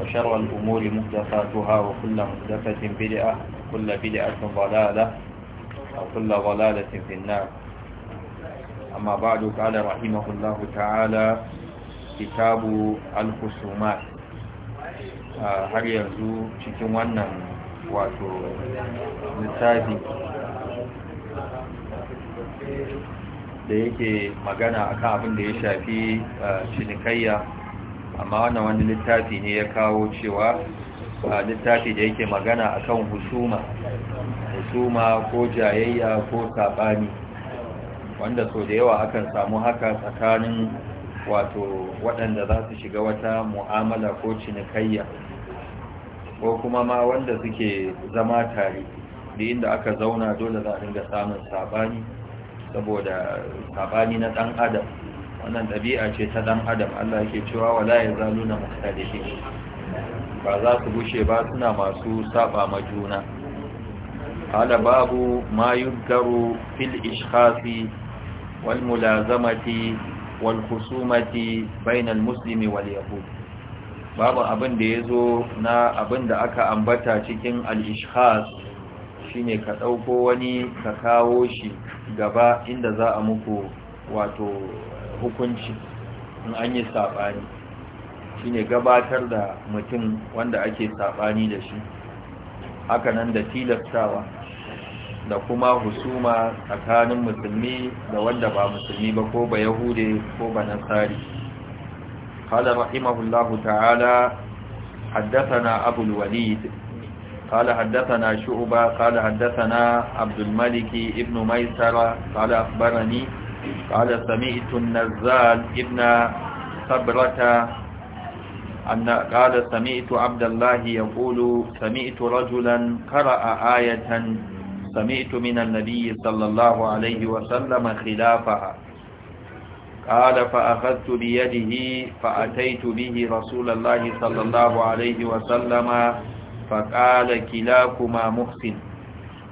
وشر الأمور مهدفاتها وكل مهدفة بدعة وكل بدعة ضلالة وكل ضلالة في النار أما بعد قال رحمه الله تعالى كتاب الخصومات har yanzu cikin wannan wato littafi da yake magana akan abin da ya shafi cinikayya amma wannan wani littafi ne ya kawo cewa a littafi da yake magana akan husuma husuma ko jayayya ko saɓani wanda so da yawa akan samu haka tsakanin wato waɗanda za su shiga wata mu'amala ko cinikayya ko kuma ma wanda suke zama tare da inda aka zauna dole za a dinga samun saɓani saboda saɓani na ɗan adam wannan ɗabi'a ce ta ɗan adam Allah yake cewa wala yazaluna muhtalihin ba za su bushe ba suna masu saba ma juna قال fil ما wal mulazamati wal والملازمة bainal muslimi wal واليهود Babu abin da yazo na abin da aka ambata cikin al-ishkhas shine ka ɗauko wani ka kawo shi gaba inda za a muku wato hukunci in an yi saɓani shi ne gabatar da mutum wanda ake saɓani da shi haka nan da tilastawa da kuma husuma tsakanin musulmi da wanda ba musulmi ba ko ba yahude ko ba nasari قال رحمه الله تعالى حدثنا أبو الوليد قال حدثنا شعبة قال حدثنا عبد الملك ابن ميسرة قال قال سمعت النزال ابن صبرة أن قال سمعت عبد الله يقول سمعت رجلا قرأ آية سمعت من النبي صلى الله عليه وسلم خلافها قال فأخذت بيده فأتيت به رسول الله صلى الله عليه وسلم فقال كلاكما محسن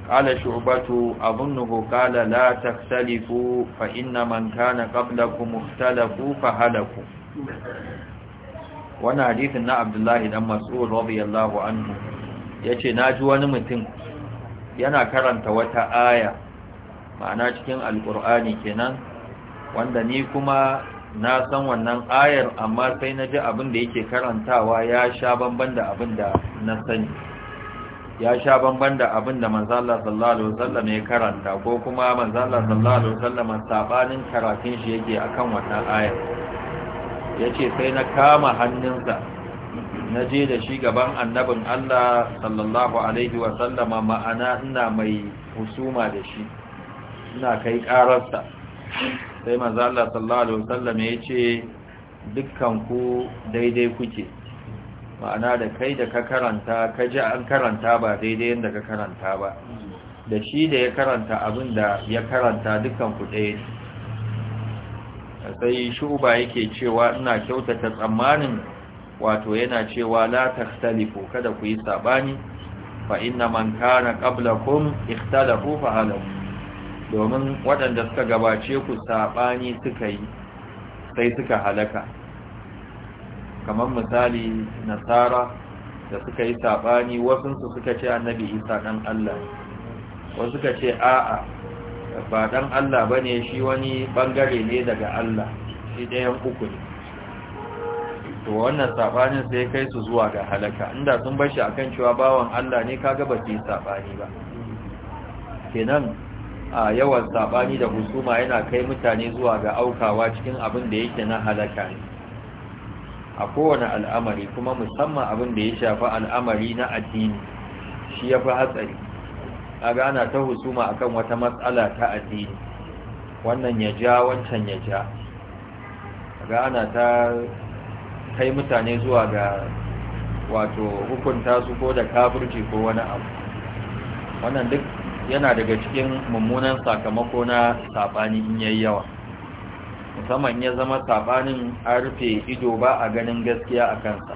قال شعبة أظنه قال لا تختلفوا فإن من كان قبلكم اختلفوا فهلكوا وانا حديث نا عبد الله بن مسعود رضي الله عنه yace naji wani mutum yana karanta wata aya ma'ana cikin alkur'ani kenan wanda ni kuma na san wannan ayar amma sai naji abin da yake karantawa ya sha bamban da abin da na sani ya sha bamban da abin da manzo Allah sallallahu alaihi wasallam ya karanta ko kuma manzo Allah sallallahu alaihi wasallam sabanin karatun shi yake akan wannan aya yace sai na kama hannunsa na je da shi gaban annabin Allah sallallahu alaihi wasallam ma'ana ina mai husuma da shi ina kai kararsa sai manzo Allah sallallahu alaihi wasallam yace dukkan ku daidai kuke ma'ana da kai da ka karanta ka ji an karanta ba daidai yadda ka karanta ba da shi da ya karanta abin da ya karanta dukkan ku ɗaya sai shuba yake cewa ina kyautata tsammanin wato yana cewa la takhtalifu kada ku yi sabani fa inna man kana qablakum ikhtalafu fa halaku domin waɗanda suka gabace ku saɓani suka yi sai suka halaka kamar misali nasara da suka yi saɓani wasunsu suka ce annabi isa ɗan allah wasu suka ce a'a ba dan allah ba ne shi wani ɓangare ne daga allah shi ɗayan uku ne to wannan saɓanin sai kai su zuwa ga halaka inda sun bashi akan cewa bawan allah ne kaga ba su yi saɓani ba kenan a yawan saɓani da husuma yana kai mutane zuwa ga aukawa cikin abin da yake na halaka ne a kowane al'amari kuma musamman abin da ya shafi al'amari na addini shi ya fi hatsari a gana ta husuma akan wata matsala ta addini wannan ya ja wancan ya ja gana ta kai mutane zuwa ga wato hukunta su ko da kafirci ko wani abu wannan duk yana daga cikin mummunan sakamako na saɓani in yayi yawa musamman ya zama sabanin an rufe ido ba a ganin gaskiya a kansa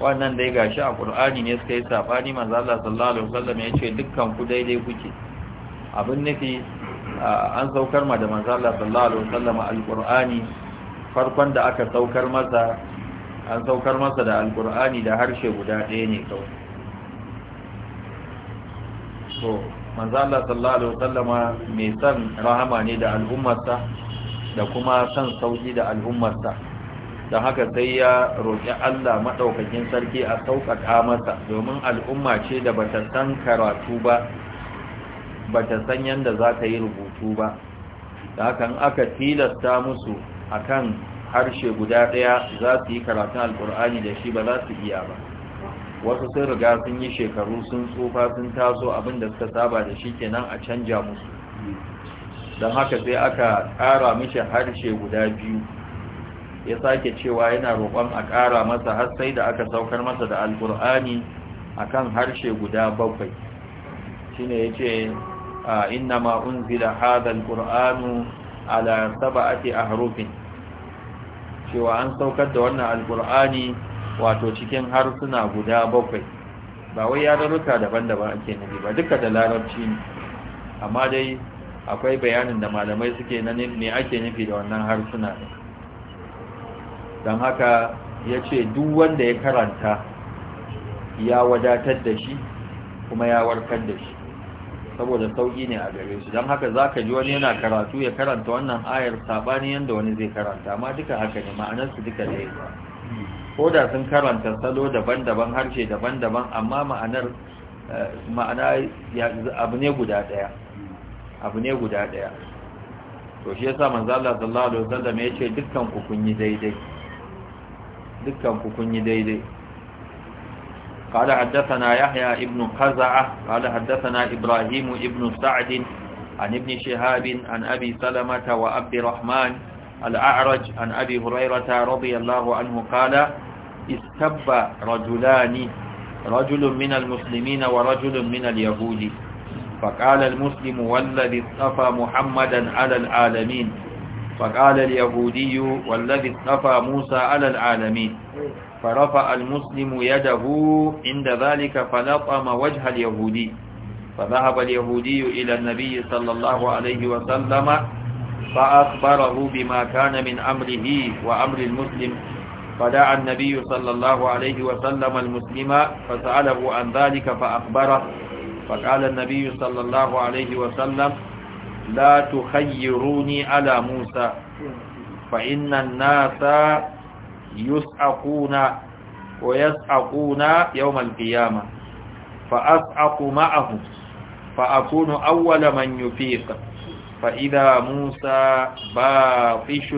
wannan dai gashi a ƙur'ani ne suka yi sabani manzo Allah sallallahu alaihi wasallam ya ce dukkan ku daidai kuke abin nufi an saukar ma da manzo Allah sallallahu alaihi wasallam alqur'ani farkon da aka saukar masa an saukar masa da alqur'ani da harshe guda ɗaya ne kawai to manzo Allah sallallahu alaihi wasallam mai san rahama ne da al'ummarsa da kuma son sauki da al'ummarsa don haka sai ya roƙi Allah maɗaukakin sarki a sauƙaƙa masa domin al'umma ce da ba ta san karatu ba ba ta san yadda za ta yi rubutu ba da haka aka tilasta musu a kan harshe guda ɗaya za su yi karatun alƙur'ani da shi ba za su iya ba wasu sun riga sun yi shekaru sun tsufa sun taso abin da suka saba da shi kenan a canja musu don haka sai aka ƙara mishi harshe guda biyu ya sake cewa yana roƙon a ƙara masa har sai da aka saukar masa da alƙur'ani akan harshe guda bakwai shine yace inna ma unzila hadha alqur'anu ala sab'ati ahrufin cewa an saukar da wannan alqur'ani wato cikin harsuna guda bakwai ba wai yarurruka daban-daban ake nufi ba duka da larabci ne amma dai akwai bayanin da malamai suke na ne ake nufi da wannan harsuna ne don haka ya ce duk wanda ya karanta ya wadatar da shi kuma ya warkar da shi saboda sauƙi ne a gare su don haka za ka ji wani yana karatu ya karanta wannan ayar saɓani yadda wani zai karanta amma duka haka ne ma'anarsu duka zai ko da sun karanta salo daban-daban harshe daban-daban amma ma'anar eh, ma'ana abu ne guda ɗaya abu ne guda ɗaya to shi yasa manzo Allah sallallahu alaihi wasallam ya ce dukkan ku kun yi daidai dukkan ku kun yi daidai قال حدثنا يحيى ابن خزعة قال حدثنا إبراهيم ابن سعد عن ابن شهاب عن أبي سلمة وعبد الرحمن الأعرج عن أبي هريرة رضي الله عنه قال استب رجلان رجل من المسلمين ورجل من اليهود فقال المسلم والذي اصطفى محمدا على العالمين فقال اليهودي والذي اصطفى موسى على العالمين فرفع المسلم يده عند ذلك فلطم وجه اليهودي فذهب اليهودي إلى النبي صلى الله عليه وسلم فأخبره بما كان من أمره وأمر المسلم فدعا النبي صلى الله عليه وسلم المسلم فسأله عن ذلك فأخبره فقال النبي صلى الله عليه وسلم لا تخيروني على موسى فإن الناس يسعقون ويسعقون يوم القيامة فأسعق معه فأكون أول من يفيق فإذا موسى باطش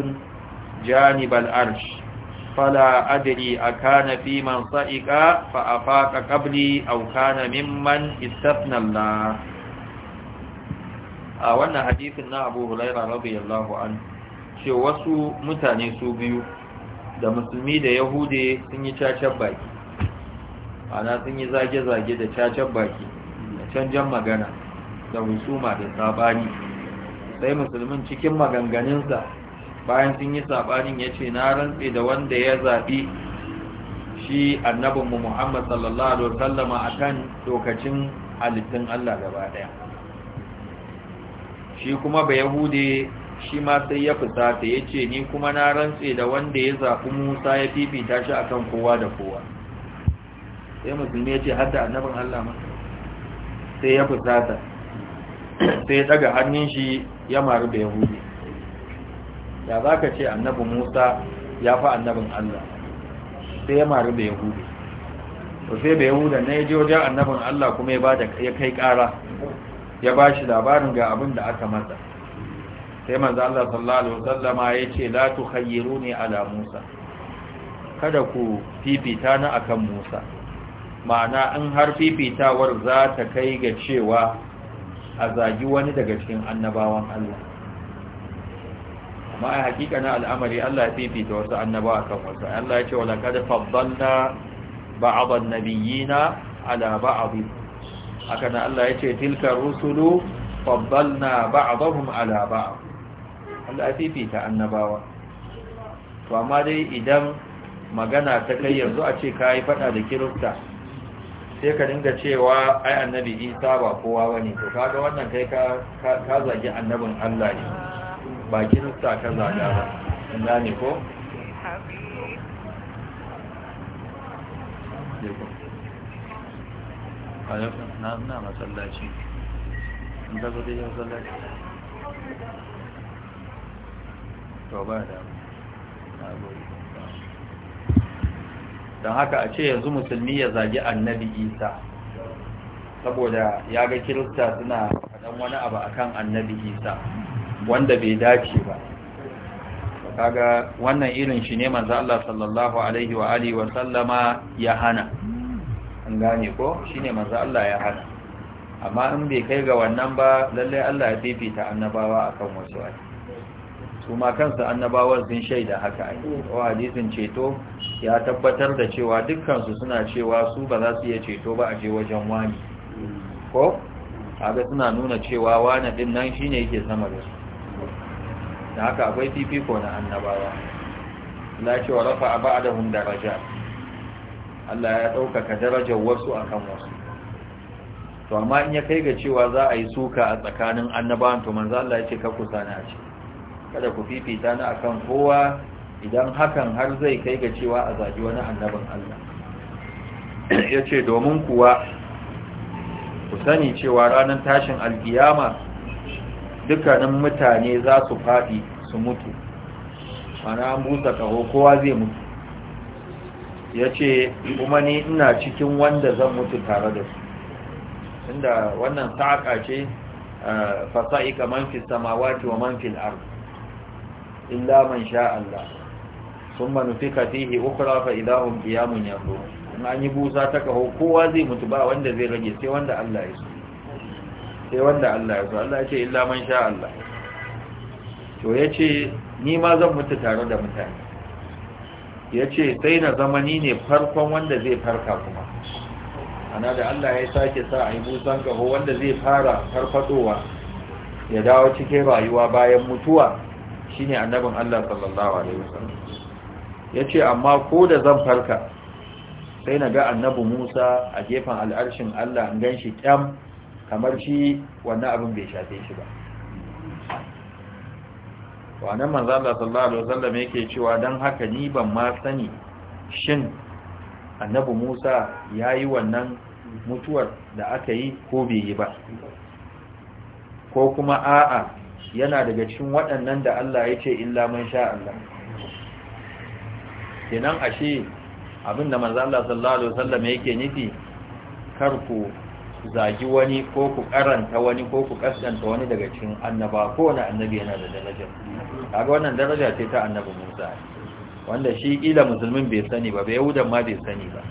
جانب الأرش فلا أدري أكان في من صائق فأفاق قبلي أو كان ممن استثنى الله a wannan hadisin na abu hulaira ce wasu mutane su biyu da musulmi da yahude sun yi cacen baki ana sun yi zage-zage da cacen baki da canjan magana da husuma da sabani sai musulmin cikin maganganunsa bayan sun yi sabanin ya ce na rantse da wanda ya zaɓi shi annabinmu muhammad sallallahu alaihi wasallama a kan lokacin halittun allah gaba ɗaya shi kuma ba yahude shi ma sai ya fusata ya ce ni kuma na rantse da wanda ya zaɓi musa ya fifita shi akan kowa da kowa sai musulmi ya ce hadda annabin allah ma sai ya fusata sai ya ɗaga hannun shi ya maru da yahude ya za ka ce annabi musa ya fi annabin allah sai ya maru da yahudu to sai da yahuda na ya je wajen annabin allah kuma ya kai kara ya ba shi labarin ga abin da aka masa sai manzan allah sallallahu alaihi ya ce la ne ala musa kada ku fifita na akan musa ma'ana in har fifitawar za ta kai ga cewa a zagi wani daga cikin annabawan allah ma a hakika na al'amari Allah ya fifita wasu annabawa kan wasu Allah ya ce wala kada faddalna ba'd an-nabiyina ala ba'd haka na Allah ya ce tilka rusulu faddalna ba'dahum ala ba'd Allah ya fifita annabawa to amma dai idan magana ta kai yanzu a ce kai fada da kirista sai ka dinga cewa ai annabi Isa ba kowa bane to kaga wannan kai ka ka zagi annabin Allah ne ba kirista ka zaga ba ina ne ko? na na in to ba da don haka a ce yanzu musulmi ya zagi annabi isa saboda ya ga kirista suna faɗan wani abu akan annabi isa wanda bai dace ba kaga wannan irin shi ne manzo Allah sallallahu alaihi wa alihi wa sallama ya hana an gane ko shine manzo Allah ya hana amma in bai kai ga wannan ba lalle Allah ya fifita annabawa akan wasu ai su ma kansu annabawan sun shaida haka ai ko hadisin ceto ya tabbatar da cewa su suna cewa su ba za su iya ceto ba a je wajen wani ko kaga suna nuna cewa wani din nan shine yake sama da su da haka akwai fifiko na annabawa na cewa rafa a ba'adahun daraja Allah ya ɗaukaka darajar wasu akan wasu to amma in ya kai ga cewa za a yi suka a tsakanin annabawan to manzo Allah ya ce ka kusa na ce kada ku fifita ni akan kowa idan hakan har zai kai ga cewa a zaji wani annabin Allah ya ce domin kuwa ku sani cewa ranar tashin alkiyama dukkanin mutane za su faɗi su mutu ana an busa kaho kowa zai mutu ya ce kuma ni ina cikin wanda zan mutu tare da su inda wannan sa'aƙa ce ah, fasa'ika man fi samawati wa man fi al'ar illa man sha Allah sun manufika fihi ukura fa idahun biyamun yanzu in an yi busa ta kaho kowa zai mutu ba wanda zai rage sai wanda Allah ya so sai wanda Allah ya Allah ya ce illa man sha Allah to ya ce ni ma zan mutu tare da mutane ya ce sai na zama ne farkon wanda zai farka kuma ana da Allah ya sake sa a yi musan gaho wanda zai fara farfadowa ya dawo cikin rayuwa bayan mutuwa shine annabin Allah sallallahu alaihi wasallam ya ce amma ko da zan farka sai na ga annabi Musa a gefen al'arshin Allah in gan shi ƙyam. kamar shi wannan abin bai shafe shi ba wannan manzan da sallallahu alaihi wasallam yake cewa dan haka ni ban ma sani shin annabi Musa yayi wannan mutuwar da aka yi ko bai yi ba ko kuma a'a yana daga cikin waɗannan da Allah ya ce illa man sha Allah kenan ashe abinda manzo Allah sallallahu alaihi wasallam yake nufi kar ku zagi wani ko ku karanta wani ko ku kaskanta wani daga cikin annaba kowane annabi yana da daraja kaga wannan daraja ce ta annabi Musa wanda shi kila musulmin bai sani ba bai yahudan ma bai sani ba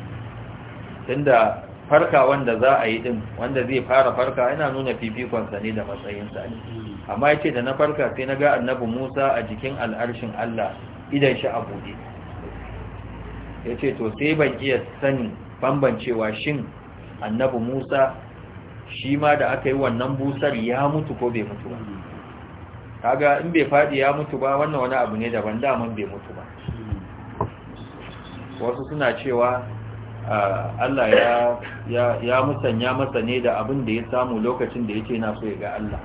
tunda farka wanda za a yi din wanda zai fara farka yana nuna fifikon sa ne da matsayin sa ne amma yace da na farka sai na ga annabi Musa a jikin al'arshin Allah idan shi a bude yace to sai ban iya sani bambancewa shin annabi Musa shi ma da aka yi wannan busar ya mutu ko bai mutu ba kaga in bai fadi ya mutu ba wannan wani abu ne daban daman bai mutu ba wasu suna cewa Allah ya ya musanya masa ne da abin da ya samu lokacin da yake na so ya ga Allah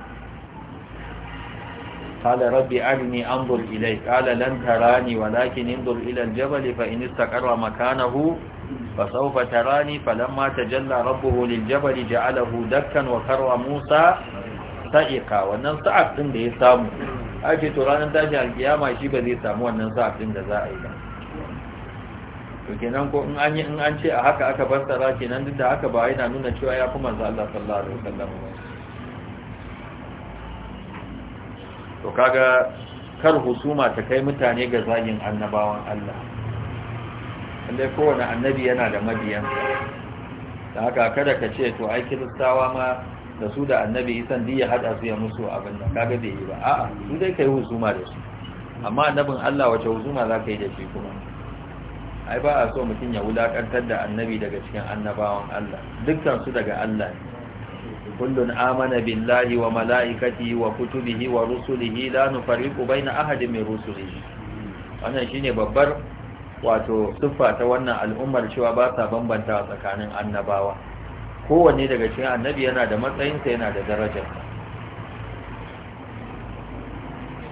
قال رب أرني أنظر إليك قال لن تراني ولكن انظر إلى الجبل فإن استقر مكانه فسوف تراني فلما تجلى ربه للجبل جعله دكا وكر موسى sa'iqa wannan sa'ad din da ya samu ake to ranar tashin alkiyama shi ba zai samu wannan sa'ad din da za a yi ba to kenan ko in an ce a haka aka fassara kenan duk da haka ba yana nuna cewa ya fi manzo Allah sallallahu alaihi wasallam to kaga kar husuma ta kai mutane ga zagin annabawan Allah allai kowane annabi yana da mabiyan da haka kada ka ce to ai kiristawa ma da su da annabi isan din ya hada su ya musu abin da kaga bai yi ba a'a su dai kai husuma da su amma annabin Allah wace husuma za ka yi da shi kuma ai ba a so mutum ya wulakantar da annabi daga cikin annabawan Allah dukkan su daga Allah ne kullun amana billahi wa Mala'ikati wa kutubihi wa rusulihi la nufarriqu baina ahadin min rusulihi wannan shine babbar wato siffa ta wannan al'ummar cewa ba sa bambanta tsakanin annabawa kowanne daga cikin annabi yana da sa yana da darajarsa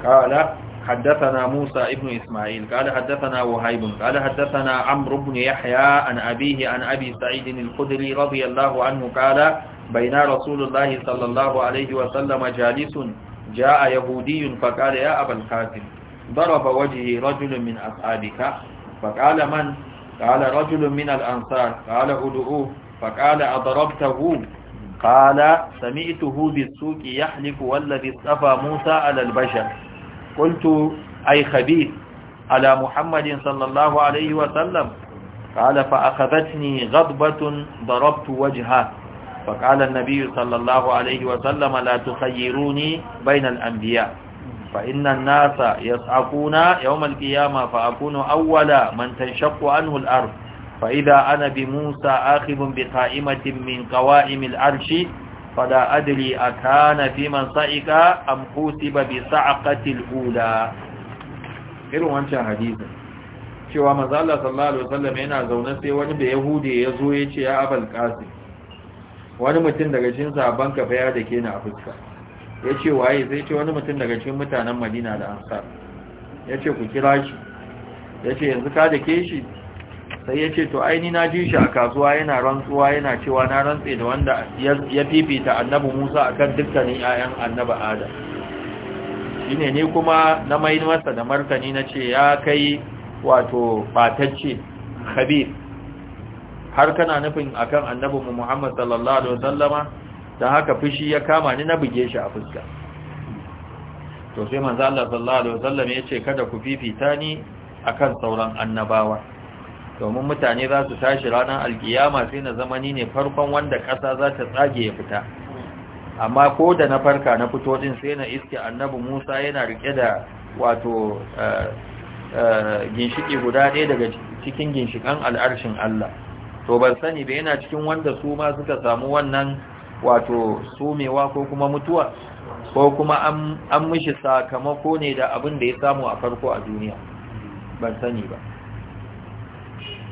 قال حدثنا موسى ابن إسماعيل قال حدثنا وهيب قال حدثنا عمرو بن يحيى عن أبيه عن أبي سعيد الخدري رضي الله عنه قال بين رسول الله صلى الله عليه وسلم جالس جاء يهودي فقال يا أبا القاسم ضرب وجهي رجل من أصحابك فقال من؟ قال رجل من الأنصار قال أدعوه فقال أضربته قال سمعته بالسوق يحلف والذي اصطفى موسى على البشر قلت أي خبيث على محمد صلى الله عليه وسلم قال فأخذتني غضبة ضربت وجهه فقال النبي صلى الله عليه وسلم لا تخيروني بين الأنبياء فإن الناس يسعقون يوم القيامة فأكون أول من تنشق عنه الأرض فإذا أنا بموسى آخذ بقائمة من قوائم العرش فلا أدري أكان في من صعق أم حوسب بصعقة الأولى إلو أنت حديثا cewa manzo Allah sallallahu alaihi wasallam yana zaune sai wani da Yahudi ya zo ya ce ya Abul Qasim wani mutum daga cikin sahabban ka fa ya dake ni a fuska yace waye sai ce wani mutum daga cikin mutanen Madina da Ansar yace ku kira shi yace yanzu ka dake shi sai yace to ai ni na ji shi a kasuwa yana rantsuwa yana cewa na rantse da wanda ya fifita Annabi Musa akan dukkanin ayan Annabi Adam shine ne kuma na mai masa da martani nace ya kai wato fatacce khabir har kana nufin akan annabi Muhammad sallallahu alaihi wasallama ta haka fushi ya kama ni na buge shi a fuska to sai manzo Allah sallallahu alaihi wasallam yace kada ku fifita ni akan sauran annabawa domin mutane za su tashi ranar alkiyama sai na zamani ne farkon wanda ƙasa za ta tsage ya fita amma ko da na farka na fito din sai na iske annabi Musa yana rike da wato eh, eh, ginshiki guda ɗaya daga cikin ginshikan al'arshin Allah to ban sani ba yana cikin wanda su ma suka samu wannan wato sumewa ko kuma mutuwa ko kuma an mishi sakamako ne da abin da ya samu a farko a duniya ban sani ba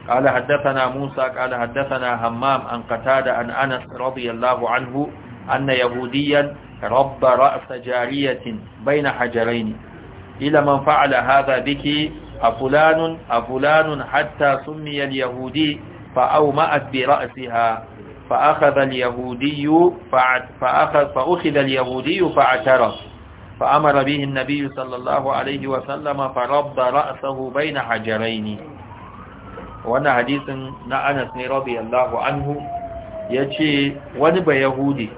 قال حدثنا موسى قال حدثنا همام عن قتادة عن أنس رضي الله عنه أن يهوديا رب رأس جارية بين حجرين إلى من فعل هذا بك أفلان أفلان حتى سمي اليهودي فأومأت برأسها فأخذ اليهودي فأخذ فأخذ اليهودي فاعترف فأمر به النبي صلى الله عليه وسلم فربض رأسه بين حجرين وانا حديث نأنس رضي الله عنه يجي ونبا يهودي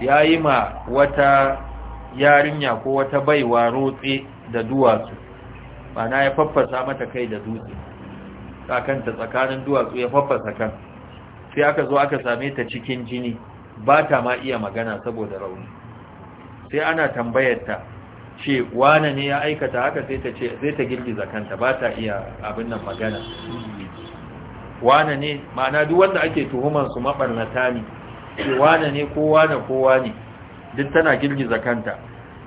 ya yi ma wata yarinya ko wata baiwa rotse da duwatsu ba na ya faffasa mata kai da dutse motsa kanta tsakanin duwatsu ya faffasa kan sai aka zo aka same ta cikin jini ba ta ma iya magana saboda rauni sai ana tambayarta ce wane ne ya aikata haka sai ta ce zai ta girgiza kanta ba ta iya abin nan magana wane ne ma'ana duk wanda ake tuhuman su mabarnata ne ce wane ne ko wane ko wane duk tana girgiza kanta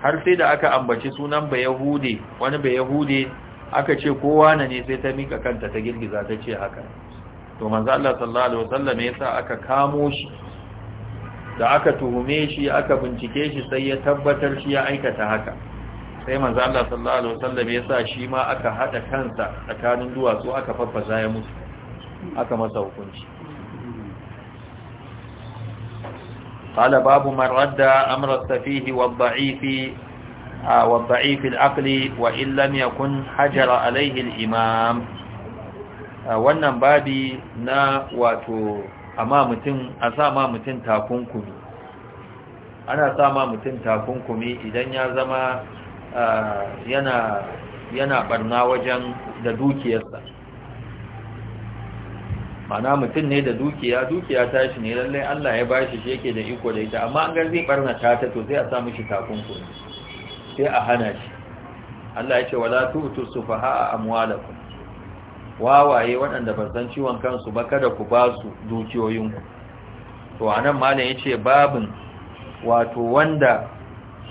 har sai da aka ambaci sunan bayahude wani bayahude aka ce kowa na ne sai ta mika kanta ta girgiza ta ce haka to manzo Allah sallallahu alaihi wasallam yasa aka kamo shi da aka tuhume shi aka bincike shi sai ya tabbatar shi ya aikata haka sai manzo Allah sallallahu alaihi wasallam yasa shi ma aka hada kansa tsakanin duwatsu aka faffasa ya mutu aka masa hukunci قال باب من رد أمر السفيه والضعيف والضعيف العقل وإن لم يكن حجر عليه الإمام wannan babi na wato amma mutum a ma mutum takunkumi ana sa ma mutum takunkumi idan ya zama yana barna wajen da dukiyarsa mana mutum ne da dukiya dukiya tashi ne lallai Allah ya bashi shi yake da iko da ita amma an ga zai barna ta ta to sai a sa mishi takunkumi sai a hana shi Allah ya ce wala tu'tu sufaha amwalakum wawaye waɗanda ba san ciwon kansu ba kada ku ba su dukiyoyinku to anan malam yace babin wato wanda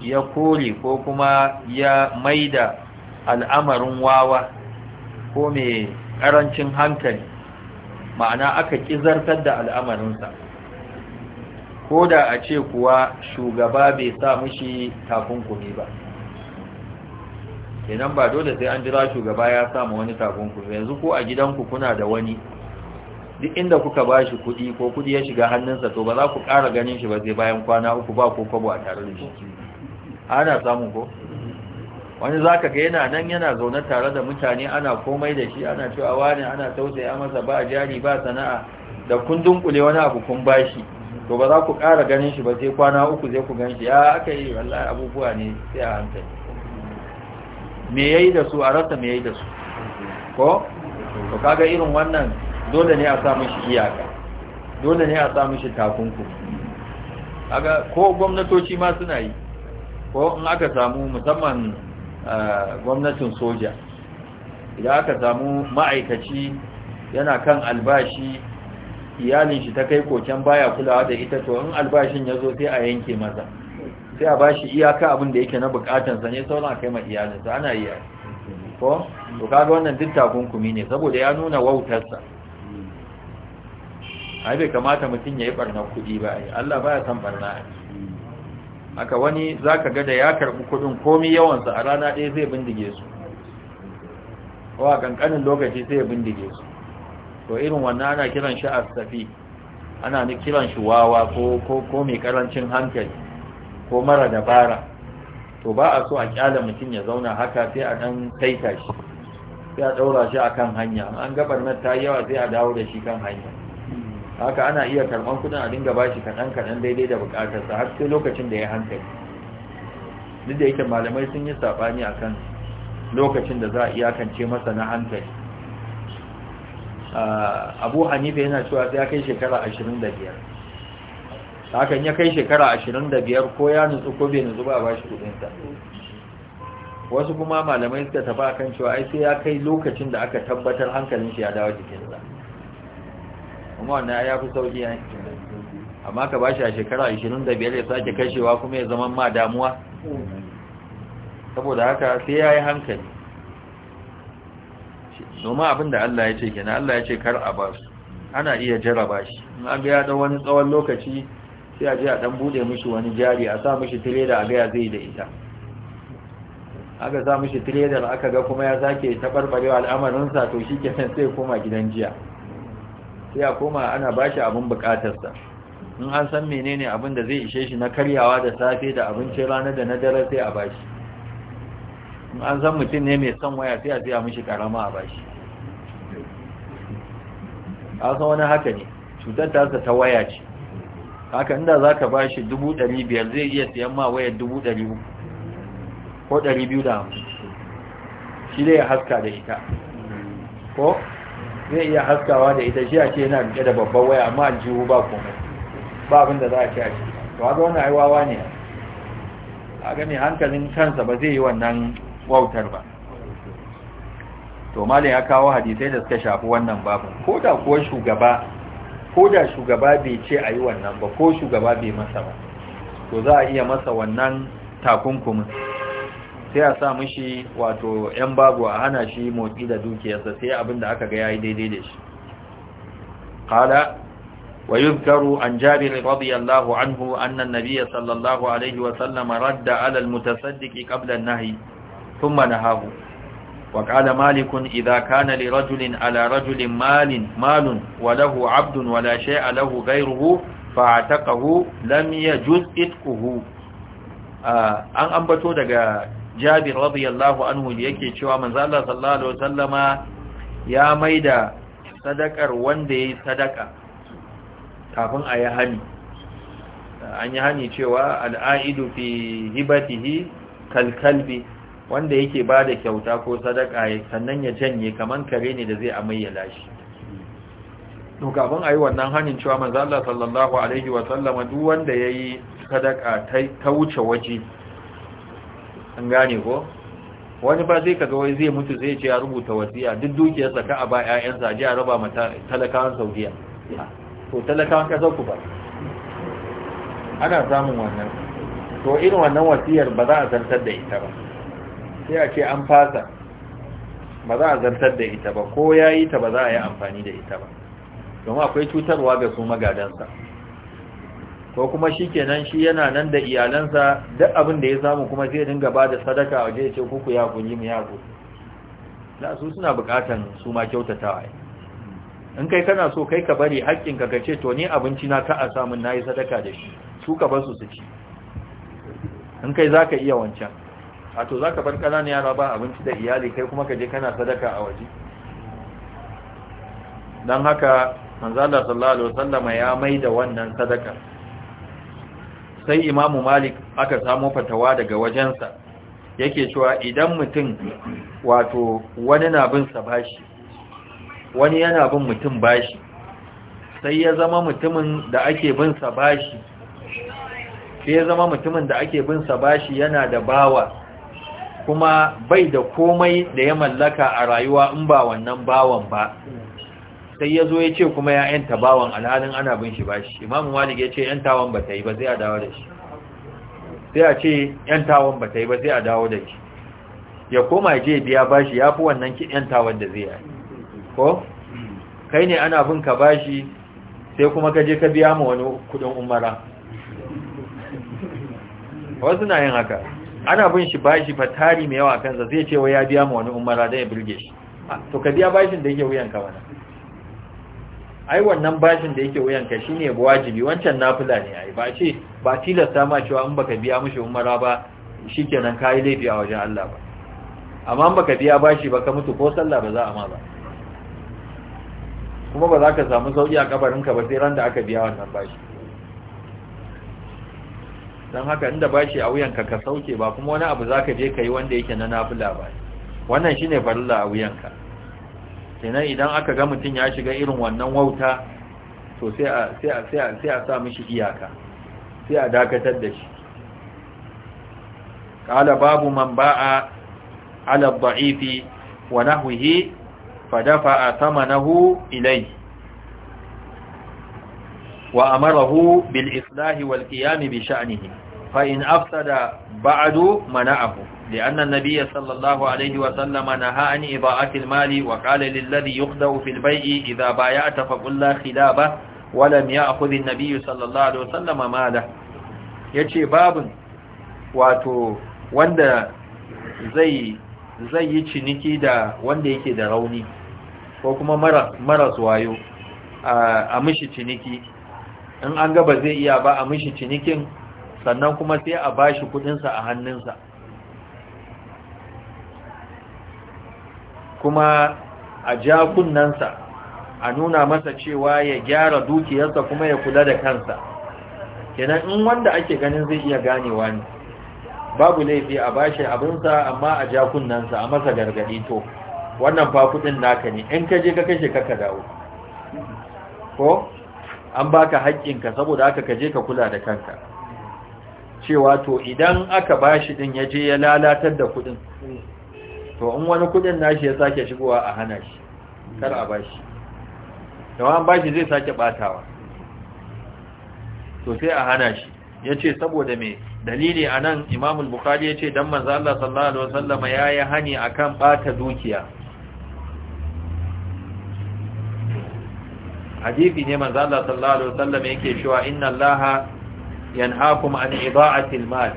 ya kore ko kuma ya maida al'amarin wawa ko mai ƙarancin hankali ma'ana aka ƙizartar da al'amarinsa ko da a ce kuwa shugaba bai sa mushi takunkumi ba kenan ba dole sai an jira shugaba ya samu wani takunkumi yanzu ko a gidanku kuna da wani duk inda kuka ba shi kuɗi ko kuɗi ya shiga hannunsa to ba za ku ƙara ganin shi ba sai bayan kwana uku ba ko kwabo a tare da shi ana samun ko wani za ka ga yana nan yana zaune tare da mutane ana komai da shi ana cewa wani ana tausaya masa ba jari ba sana'a da kun dunkule wani abu kun bashi to ba za ku ƙara ganin shi ba sai kwana uku zai ku gan shi ya aka yi wallahi abubuwa ne sai a hankali me yayi da su a rasa me yayi da su ko to kaga irin wannan dole ne a sa mishi iyaka dole ne a sa mishi takunku kaga ko gwamnatoci ma suna yi ko in aka samu musamman eh, gwamnatin soja idan aka samu ma'aikaci yana kan albashi iyalin shi ta kai koken baya kulawa da ita to in albashin ya zo sai a yanke masa sai a bashi iyaka abin da yake na sa ne sauran a kai ma iyalinsa ana iya ko to kaga wannan duk takunkumi ne saboda ya nuna wautarsa ai bai kamata mutum ya yi barnar kuɗi ba ai Allah baya san barna haka wani zaka ga da ya karbi kuɗin komai yawansa a rana ɗaya zai bindige su ko a kankanin lokaci zai bindige su to irin wannan ana kiran shi asafi ana kiran shi wawa ko ko mai karancin hankali ko mara dabara to ba a so a kyala mutum ya zauna haka sai a ɗan taita shi sai a ɗaura shi a kan hanya an gabar na ta yawa sai a dawo da shi kan hanya haka ana iya karban kudin a dinga bashi shi kaɗan-kaɗan daidai da buƙatarsa har sai lokacin da ya hankali duk da yake malamai sun yi saɓani a kan lokacin da za a iyakance masa na hankali ah, abu hanifa yana cewa sai ya kai shekara ashirin da biyar hakan ya kai shekara ashirin da biyar ko ya nutsu ko bai nutsu ba a bashi kudinsa wasu kuma malamai suka tafi akan cewa ai sai ya kai lokacin da aka tabbatar hankalin shi ya dawo jikinsa kuma wannan ya fi sauki ya amma ka bashi a shekara ashirin da biyar ya sake kashewa kuma ya zama ma damuwa saboda haka sai ya yi hankali domin abin da Allah ya ce kenan Allah ya ce kar a ba su ana iya jaraba shi in an ga ya wani tsawon lokaci sai a je a dan bude mishi wani jari a sa mishi tireda a gaya zai da ita aka sa mishi trader aka ga kuma ya sake tabarbarewa al'amarinsa to shi kenan sai koma gidan jiya sai a koma ana bashi abin bukatarsa in an san menene abin da zai ishe shi na karyawa da safe da abincin rana da na dare sai a bashi in an san mutum ne mai son waya sai a siya mishi karama a bashi a san wani haka ne cutar tasa ta waya ce haka inda za ka ba shi dubu ɗari biyar zai iya siyan ma wayar dubu ɗari ko ɗari biyu da hamsin shi zai ya haska da ita ko zai iya haskawa da ita shi a ce yana rike da babban waya amma aljihu ba komai ba abin da za a ce a to haka wani aiwawa ne a gani hankalin kansa ba zai yi wannan wautar ba to malin ya kawo hadisai da suka shafi wannan babu ko da kuwa shugaba ko da shugaba bai ce a yi wannan ba ko shugaba bai masa ba to za a iya masa wannan takunkumin sai a sa mishi wato 'yan babu a hana shi motsi da dukiyarsa sai abin da aka ga ya yi daidai da shi Wa قال ويذكر عن جابر an الله عنه أن nabiya sallallahu alaihi wasallama radda alal mutasaddiki kablan nahi tun mana hagu. وقال مالك إذا كان لرجل على رجل مال مال وله عبد ولا شيء له غيره فاعتقه لم يجز إتقه an ambato daga jabir radiyallahu anhu da yake cewa manzo Allah sallallahu alaihi wasallama ya maida sadakar wanda yayi sadaka kafin ayi hani an yi hani cewa al'aidu fi hibatihi kalkalbi wanda yake ba da kyauta ko sadaka sannan ya janye kaman kare ne da zai amayyala shi to kafin ayi wannan hanin cewa manzo Allah sallallahu alaihi wa sallama duk wanda yayi sadaka ta wuce waje an gane ko wani ba zai kaga wai zai mutu zai ce ya rubuta wasiya duk dukiyarsa ka a ba 'ya'yansa, a ji a raba mata talakawan Saudiya to talakawan kasar ku ba ana samun wannan to irin wannan wasiyar ba za a zartar da ita ba sai a ce an fasa ba za a zartar da ita ba ko ya yi ta ba za a yi amfani da ita ba domin akwai cutarwa ga su magadansa ko kuma shi kenan shi yana nan da iyalansa duk abin da ya samu kuma zai dinga ba da sadaka a waje ce kuku ya guli mu ya da su suna bukatan su ma kyautatawa in kai kana so kai ka bari haƙƙinka ka ce to ni abinci na ka a samun nayi sadaka da shi su ka basu su ci in kai zaka iya wancan a to za ka bar ƙananan yara ba abinci da iyali kai kuma ka je kana sadaka a waje don haka manzala sallallahu alaihi wasallama ya mai da wannan sadaka sai imamu malik aka samo fatawa daga wajensa yake cewa idan mutum wato wani na bin sa bashi wani yana bin mutum bashi sai ya zama mutumin da ake binsa bashi sai ya zama mutumin da ake bin sa bashi yana da bawa kuma bai da komai da ya mallaka a rayuwa in ba wannan bawan ba sai ya zo ya ce kuma ya yanta bawan alhalin ana bin shi bashi imamu walik ya ce yantawan ba ta yi ba zai a dawo da shi sai a ce yantawan ba ta yi ba sai a dawo da shi ya koma je biya bashi ya fi wannan yantawan da zai yi ko kai ne ana bin ka bashi sai kuma ka je ka biya ma wani kudin umara wasu na yin haka ana bin shi bashi fa tari mai yawa kansa zai ce wai ya biya ma wani umara dan ya burge shi ah, to ka biya bashin da yake ka wani ai wannan bashin da yake ka shine wajibi wancan nafila ne ai ba ce ba tilasta ma cewa in baka biya mushi umara ba shikenan kai laifi a wajen Allah ba amma in baka biya bashi ba ka mutu ko sallah ba za a ma ba kuma ba za ka samu sauki a ka ba sai ran da aka biya wannan bashi don haka inda ba shi a wuyanka ka sauke ba kuma wani abu za ka je ka yi wanda yake na nafula ba wannan shine farilla a wuyanka kenan idan aka ga mutum ya shiga irin wannan wauta to sai a sai a a sai a sa mishi iyaka sai a dakatar da shi Ƙala babu man ba'a ala dha'ifi wa nahwihi fadafa thamanahu ilayhi وأمره بالإصلاح والقيام بشأنه فإن أفسد بعد منعه لأن النبي صلى الله عليه وسلم نهى عن إضاءة المال وقال للذي يخدع في البيع إذا بايعت فقل لا خلابة ولم يأخذ النبي صلى الله عليه وسلم ماله يجي باب واتو وند زي zai yi ciniki da wanda yake da rauni ko kuma maras wayo a mishi ciniki in an ga ba zai iya ba a mishi cinikin sannan kuma sai a bashi kudinsa a hannunsa kuma a ja a nuna masa cewa ya gyara dukiyarsa kuma ya kula da kansa kenan in wanda ake ganin zai iya ganewa ne babu laifi a bashi abinsa amma a ja a masa gargadi to wannan fa kudin naka ne in ka je ka kashe ka dawo ko an baka haƙƙinka saboda aka kaje ka kula da kanka cewa to idan aka bashi din yaje ya lalatar da kudin to in wani kudin nashi ya sake shigowa a hana shi kar a bashi da an bashi zai sake batawa to sai a hana shi yace saboda me dalili anan Imam al-Bukhari yace dan manzo Allah sallallahu alaihi wasallama yi hani akan bata dukiya hadisi ne manzo Allah sallallahu alaihi wasallam yake cewa inna allaha yanhaakum an ida'ati al-mal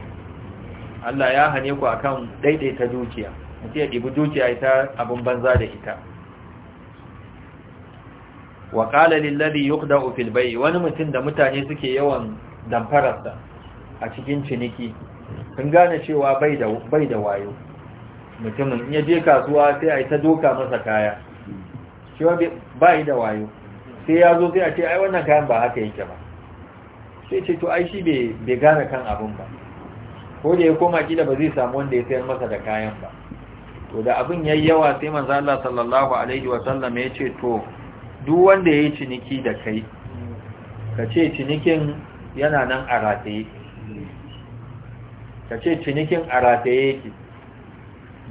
Allah ya hane ku akan daidaita dukiya mutum ya dibi dukiya ita abun banza da ita wa qala lil ladhi yuqda'u fil bay' wani mutum da mutane suke yawan damfararsa a cikin ciniki kun gane cewa bai da bai da wayo mutumin in ya je kasuwa sai a yi ta doka masa kaya cewa bai da wayo sai ya zo sai a ce ai wannan kayan ba haka yake ba sai ce to ai shi bai gane kan abin ba ko da ya koma kila ba zai samu wanda ya sayar masa da kayan ba to da abin yayi yawa sai manzo Allah sallallahu alaihi wa sallam ya ce to duk wanda yayi ciniki da kai ka ce cinikin yana nan a rataye ka ce cinikin a rataye yake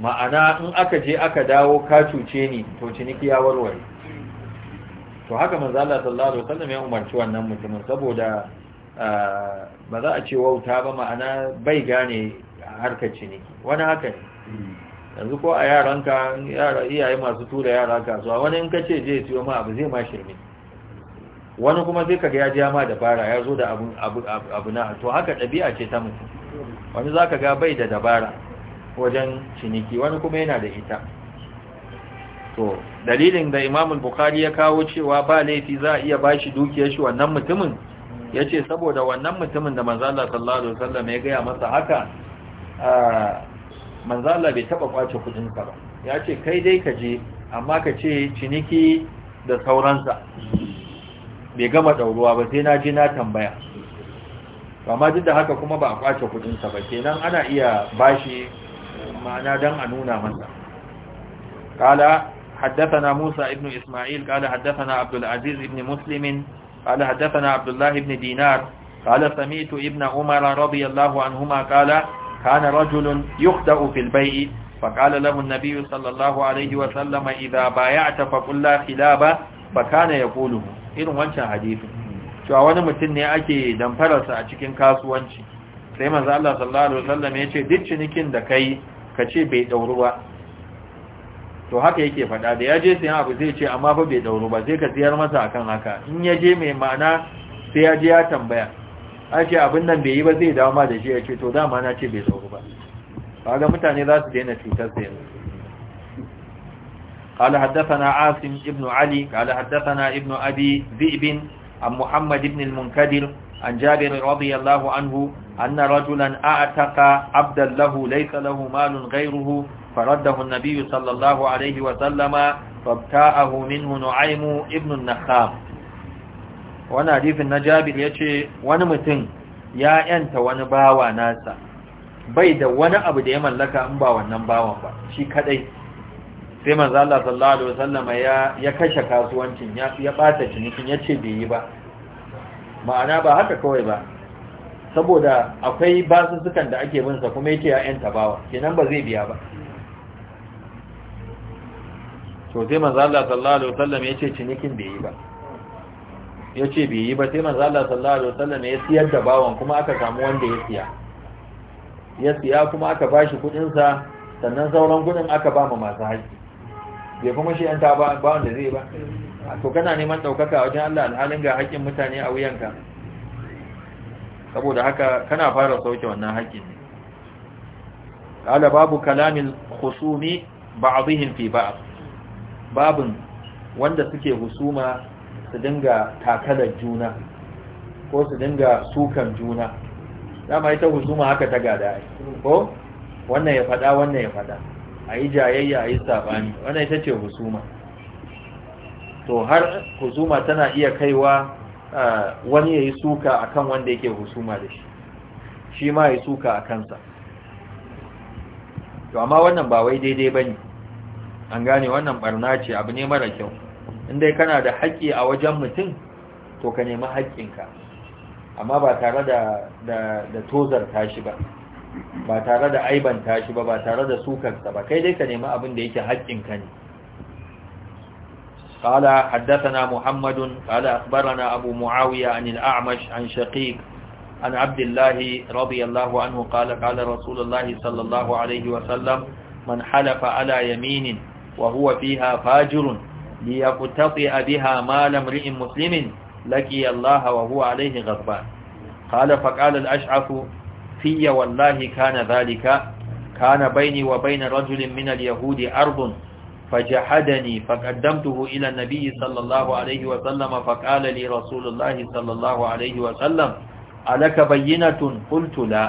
ma'ana in aka je aka dawo ka cuce ni to ciniki ya warware to haka manzo Allah sallallahu alaihi wasallam ya umarci wannan mutumin saboda ba za a ce wauta ba ma'ana bai gane harkar ciniki wani haka ne yanzu ko a yaranka yara iyaye masu tura yara kasuwa wani in ka ce je siyo ma abu zai ma shirme wani kuma zai kaga ya ma dabara ya zo da abu abu na to haka ɗabi'a ce ta mutum wani za ka ga bai da dabara wajen ciniki wani kuma yana da ita to dalilin da imam bukhari ya kawo cewa ba laifi za a iya bashi dukiyar shi wannan mutumin yace saboda wannan mutumin da manzo Allah sallallahu alaihi wasallam ya gaya masa haka manzo bai taba kwace kudin ka ba yace kai dai ka je amma ka ce ciniki da sauransa bai gama dauruwa ba sai na je na tambaya amma duk da haka kuma ba a kwace kudin sa ba kenan ana iya bashi ma'ana dan a nuna masa kala حدثنا موسى ابن إسماعيل قال حدثنا عبد العزيز ابن مسلم قال حدثنا عبد الله ابن دينار قال سمعت ابن عمر رضي الله عنهما قال كان رجل يخدأ في البيع فقال له النبي صلى الله عليه وسلم إذا بايعت فقل لا خلاب فكان يقوله إن وانشا حديث cewa wani mutum ne ake damfararsa a cikin kasuwanci sai manzo Allah sallallahu alaihi wasallam ya ce duk cinikin da kai ka ce bai dauru ba to haka yake faɗa da ya je sayan abu zai ce amma fa bai dauro ba zai ka siyar masa akan haka in ya je mai ma'ana sai ya je ya tambaya a ce abin nan bai yi ba zai dawo ma da shi ya ce to dama na ce bai sauro ba kaga mutane za su daina cutar da yanzu قال حدثنا عاصم ابن علي قال حدثنا ابن أبي ذئب عن محمد بن المنكدر عن جابر رضي الله عنه أن رجلا أعتق عبدا له ليس له مال غيره فرده النبي صلى الله عليه وسلم فابتاءه منه نعيم ابن النخام wani hadifin na jabir ya ce wani mutum ya yanta wani bawa nasa bai da wani abu da ya mallaka in ba wannan bawan ba shi kaɗai. sai manzo Allah sallallahu alaihi wasallama ya ya kashe kasuwanci, ya ya bata cinikin yace bai yi ba ma'ana ba haka kawai ba saboda akwai basussukan da ake bin sa kuma yace ya yanta bawa kenan ba zai biya ba to sai manzo Allah sallallahu alaihi wasallam ya cinikin bai yi ba ya ce bai yi ba sai manzo Allah sallallahu alaihi wasallam ya siyar da bawan kuma aka samu wanda ya siya ya siya kuma aka bashi kudin sa sannan sauran kudin aka ba mu masu haji bai kuma shi an ta ba bawon da zai ba to kana neman daukaka wajen Allah alhalin ga haƙin mutane a wuyanka saboda haka kana fara sauke wannan haƙin ne قال باب كلام الخصوم بعضهم في بعض babin wanda suke husuma su dinga takalar juna ko su dinga sukan juna dama ita husuma haka ta gada ko wannan ya fada wannan ya fada a yi jayayya a yi sabani wannan ita ce husuma to har husuma tana iya kaiwa wani ya yi suka akan wanda yake husuma da shi shi ma ya suka a kansa to amma wannan ba wai daidai ba ne an gane wannan barna ce abu ne mara kyau In dai kana da haƙƙi a wajen mutum to ka nemi haƙƙinka amma ba tare da da tozar tashi ba ba tare da aiban tashi ba ba tare da sukarsa ba kai dai ka nemi abin da yake haƙƙinka ne qala haddathana muhammadun qala akhbarana abu muawiya an al-a'mash an shaqiq an abdullah radiyallahu anhu sallallahu alayhi wa sallam man halafa ala yaminin wa huwa fiha fajirun li a biha malam ri'in muslimin Laƙi Allah wa huwa alayhi ghadban qala fa qala al-ash'af fi wallahi kana dhalika kana bayni wa rajulin min yahudi ardun فجحدني فقدمته إلى النبي صلى الله عليه وسلم فقال لي رسول الله صلى الله عليه وسلم ألك بينة قلت لا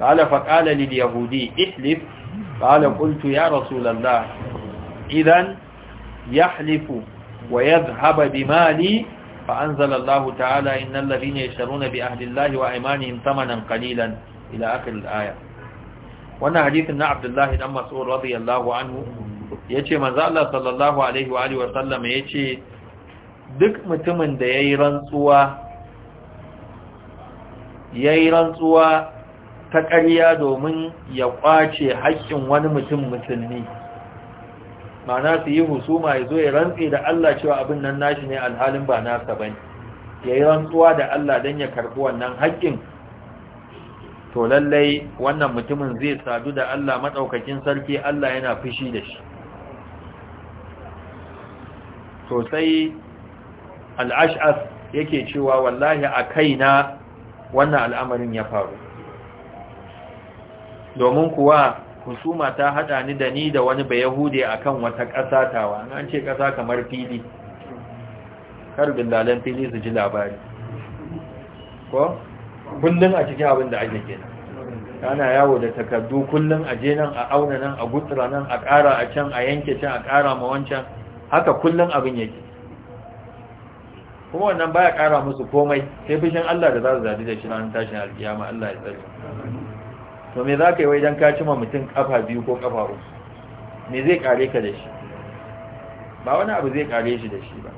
قال فقال لليهودي احلف قال قلت يا رسول الله إذا يحلف ويذهب بمالي فأنزل الله تعالى إن الذين يشترون بأهل الله وأيمانهم ثمنا قليلا إلى آخر الآية وأن حديث أن عبد الله بن مسعود رضي الله Anhu, yace ce Allah sallallahu alaihi wa sallama, ya ce, yace duk mutumin da yayi rantsuwa yayi rantsuwa ta ƙarya domin ya ƙwace haƙƙin wani mutum musulmi ma'ana su yi husuma ya zo ya rantse da Allah cewa abin nan nashi ne alhalin ba nasa ba ya yi rantsuwa da Allah don ya karɓi wannan haƙƙin to lallai wannan mutumin zai sadu da Allah maɗaukakin sarki Allah yana fushi da shi to sai al'ash'as yake cewa wallahi a kai na wannan al'amarin ya faru domin kuwa husuma ta hada ni da ni da wani ba yahude akan wata ƙasa tawa an ce ƙasa kamar fili kar bindalan fili su ji labari ko kullun a cikin abin da ake kenan ana yawo da takardu kullun a je nan a auna nan a gutsura nan a ƙara a can a yanke can a ƙara ma wancan haka kullun abin yake kuma wannan baya ƙara musu komai sai fushin Allah da za su zaɗi da shi ranar tashin alkiyama Allah ya tsare to me za ka yi wa idan ka cima mutum kafa biyu ko kafa uku me zai kare ka da shi ba wani abu zai kare shi da shi ba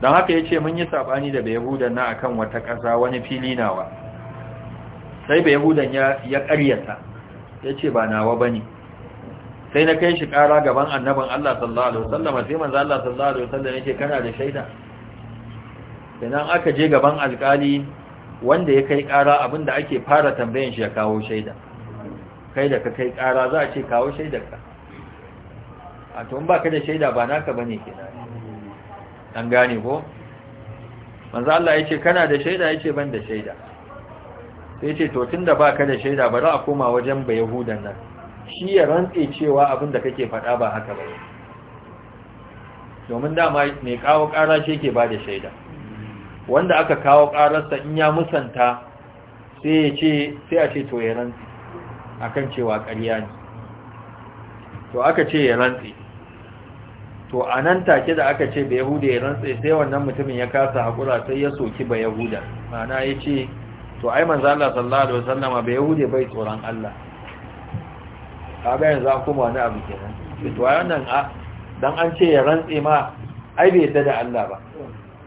don haka ya ce mun yi saɓani da bayahudan na akan wata ƙasa wani fili nawa sai bayahudan ya ƙaryata ya ce ba nawa ba ne sai na kai shi ƙara gaban annabin Allah sallallahu Alaihi wasallam sai manza Allah sallallahu Alaihi wasallam ya ce kana da shaida sannan aka je gaban alƙali wanda ya kai ƙara abinda ake fara tambayan shi ya kawo shaida kai da ka kai ƙara za a ce kawo ka a tun ba ka da shaida ba naka ba ne ke an gane ko manzo Allah ya ce kana da shaida ya ce ban da shaida sai ce to tun da ba ka da shaida ba za a koma wajen ba yahudan nan shi ya rantse cewa abin da kake faɗa ba haka ba domin dama mai kawo ƙara shi ke ba da shaida wanda aka kawo ƙararsa in ya musanta sai ya ce sai a ce to ya rantsi akan cewa ƙarya ne to aka ce ya rantsi to a nan take da aka ce ba yahuda ya rantsi sai wannan mutumin ya kasa haƙura sai ya soki ba yahuda ma'ana ya ce to ai manzo Allah sallallahu alaihi wasallam ba yahude bai tsoron Allah kaga yanzu an kuma wani abu kenan to wannan a dan an ce ya rantsi ma ai bai yadda da Allah ba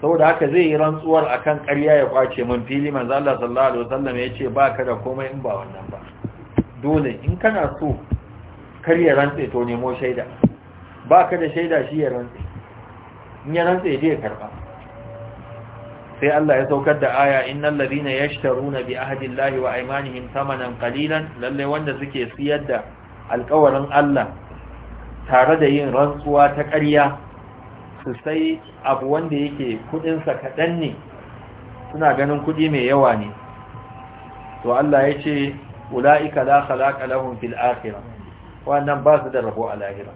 saboda haka zai yi rantsuwar akan ƙarya ya kwace min fili manzo Allah sallallahu alaihi wasallam ya ce baka da komai in ba wannan ba dole in kana so karya rantse to nemo shaida baka da shaida shi ya rantse in ya rantse je karba sai Allah ya saukar da aya innal ladina yashtaruna bi ahdillahi wa aymanihim thamanan qalilan lalle wanda suke siyar da alƙawarin Allah tare da yin rantsuwa ta ƙarya su sai abu wanda yake kudinsa kaɗan ne suna ganin kudi mai yawa ne to Allah ya ce ula'ika la khalaqa lahum fil akhirah wannan ba su da rabo a lahira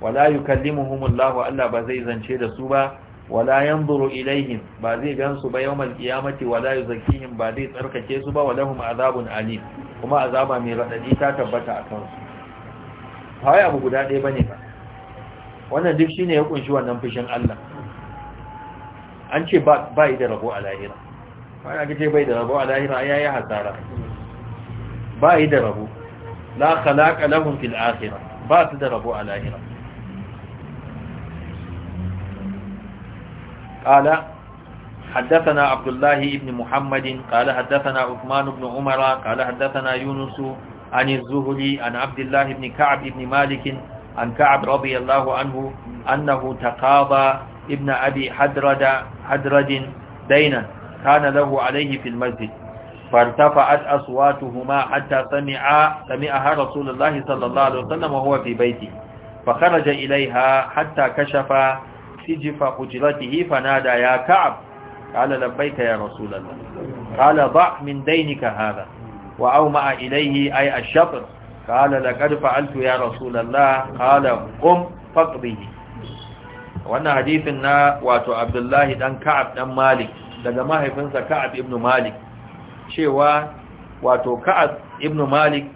wala yukallimuhum Allah ba zai zance da su ba wala yanzuru ilaihim ba zai gansu ba yawmal qiyamati wala yuzakkihim ba zai tsarkake su ba walahum azabun alim kuma azaba mai radadi ta tabbata akan su ba abu guda ɗaya bane ba wannan duk shine ya kunshi wannan fushin Allah an ce ba yi da rabo a lahira ana ga ce bai da rabo a lahira ya yi hasara ba yi da rabo la khalaqa lahum fil akhirah ba su da rabo a lahira qala حدثنا عبد Ibn بن qala قال حدثنا عثمان بن عمر قال حدثنا يونس عن الزهري عن عبد الله بن كعب بن مالك عن كعب رضي الله عنه أنه تقاضى ابن أبي حدرد, حدرد دينا كان له عليه في المسجد فارتفعت أصواتهما حتى سمع سمعها رسول الله صلى الله عليه وسلم وهو في بيته فخرج إليها حتى كشف سجف حجرته فنادى يا كعب قال لبيك يا رسول الله قال ضع من دينك هذا وأومأ إليه أي الشطر قال لقد فعلت يا رسول الله قال قم فقضي wannan hadisin na wato Abdullahi Ɗan Ka'ab Ɗan Malik daga mahaifinsa Ka'ab ibn Malik cewa wato Ka'ab ibn Malik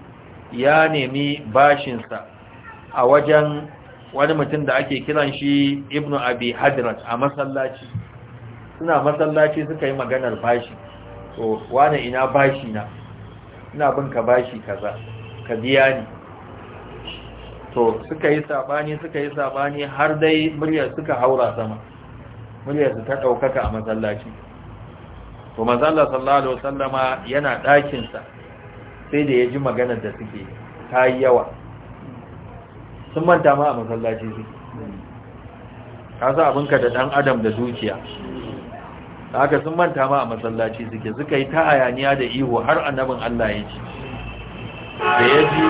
ya nemi bashinsa a wajen wani mutum da ake kiran shi ibn Abi Hadrat a masallaci suna masallaci suka yi maganar bashi to wane ina bashi na ina bin ka bashi kaza ka biya ni to suka yi sabani suka yi sabani har dai muryar suka haura sama muryar su ta daukaka a masallaci to manzo Allah sallallahu alaihi wasallama yana ɗakinsa sa sai da ya ji maganar da suke ta yi yawa sun manta ma a masallaci su ka sa abinka da ɗan adam da zuciya haka sun manta ma a masallaci suke suka yi ta hayaniya da ihu har annabin Allah ya ce da ya ji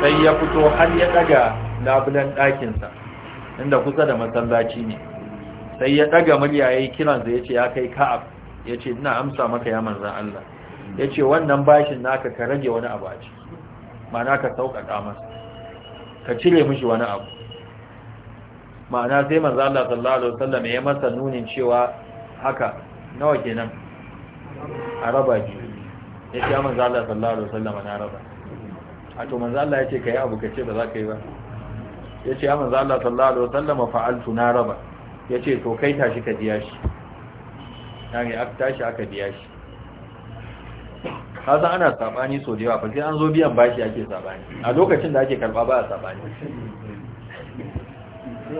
sai ya fito har ya daga labulan ɗakinsa inda kusa da masallaci ne sai ya daga murya ya yi kiransa ya ce ya kai ka'ab ya ce ina amsa maka ya manzan Allah ya ce wannan bashin naka ka rage wani abu a ciki ma'ana ka sauƙaƙa masa ka cire mishi wani abu ma'ana sai manzan Allah sallallahu alaihi wasallam ya masa nunin cewa haka nawa kenan a raba biyu ya ce Amin manzo Allah sallallahu alaihi wasallam na raba a to manzo Allah ya ce kai abu kace ba za ka yi ba ya ce ya Allah sallallahu alaihi wasallam fa'altu na raba ya ce to kai tashi ka biya shi yani aka tashi aka biya shi kasan ana sabani so da yawa fa sai an zo biyan bashi ake sabani a lokacin da ake karba ba a sabani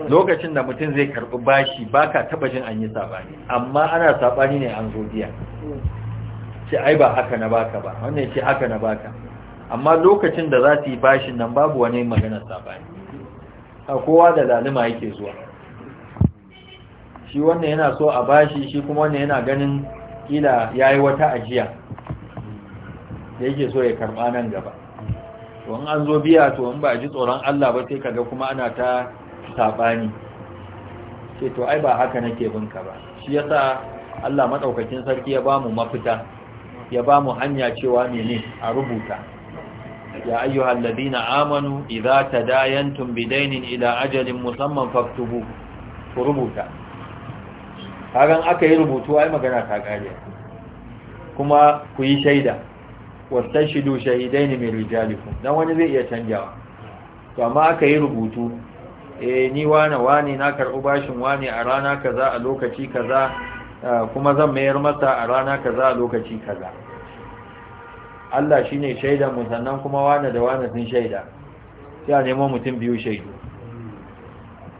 lokacin da mutum zai karbi bashi baka taba jin an yi sabani amma ana sabani ne an zo biya ce ai ba haka na baka ba wannan ce haka na baka amma lokacin da za su yi bashin nan babu wani magana sabani a kowa da lalima yake zuwa shi wannan yana so a bashi shi kuma wannan yana ganin kila ya yi wata ajiya da yake so ya karɓa nan gaba to in an zo biya to in ba ji tsoron Allah ba sai kaga kuma ana ta sabani ce to ai ba haka nake binka ba shi yasa Allah madaukakin sarki ya bamu mafita ya ba mu hanya cewa mene a rubuta ya ayyuhal ladina amanu idza tadayantum bidainin ila ajalin musamman faktubu ku rubuta hagan aka yi rubutu ai magana ta kare kuma ku yi shaida wastashidu shahidaini min rijalikum dan wani zai iya canjawa to amma aka yi rubutu eh ni wane wani na karɓi bashin wani a rana kaza a lokaci kaza Ah, kuma zan mayar masa a rana kaza a lokaci kaza Allah shine shaidan mu sannan kuma wane da wane sun shaida sai a nemo mutum biyu shaidu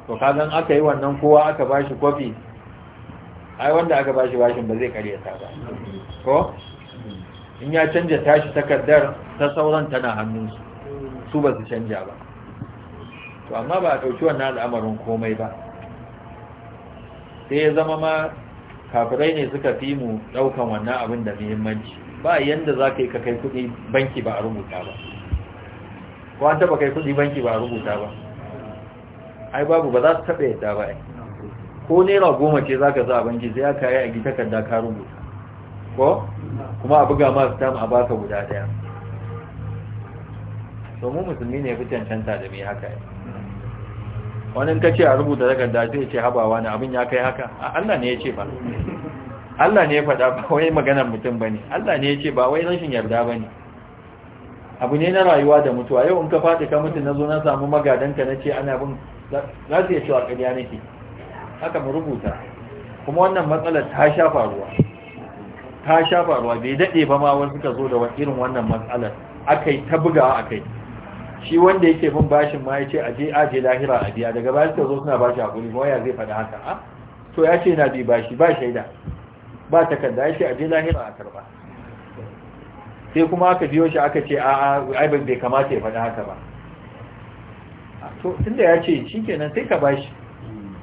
to kagan aka yi wannan kowa aka bashi kofi ai wanda aka bashi bashin ba zai karyata ba ko in ya canja tashi takardar ta sauran tana hannunsu su ba su canja ba to amma ba a ɗauki wannan al'amarin komai ba sai ya zama ma kafirai ne suka fi mu ɗaukan wannan abin da muhimmanci ba yanda za ka yi ka kai kudi banki ba a rubuta ba ko an taɓa kai kuɗi banki ba a rubuta ba ai babu ba za su taɓa yadda ba ko naira goma ce za ka za a banki sai aka yi a gi takarda ka rubuta ko kuma a buga masu tam a baka guda ɗaya domin musulmi ne fi cancanta da mai haka yi wani ka ce a rubuta takarda zai ce habawa na abin ya kai haka Allah ne ya ce ba Allah ne ya faɗa ba wai maganar mutum ba ne Allah ne ya ce ba wai rashin yarda ba ne abu ne na rayuwa da mutuwa yau in ka faɗi ka mutu na zo na samu magadanta na ce ana bin za su iya cewa ƙarya nake haka mu rubuta kuma wannan matsalar ta sha faruwa ta sha faruwa bai daɗe ba ma wani suka zo da irin wannan matsalar aka yi ta bugawa akai. shi wanda yake bin bashin ma ya ce aje aje lahira a biya daga bayan suka zo suna bashi hakuri kuma ya zai faɗi haka a ah, to ya ce na bi bashi ba shaida ba takarda ya ce aje lahira a karba sai kuma aka biyo shi aka ce a a ai bai kamata ya faɗi haka ba ah, to tunda ya ce shi kenan sai ka bashi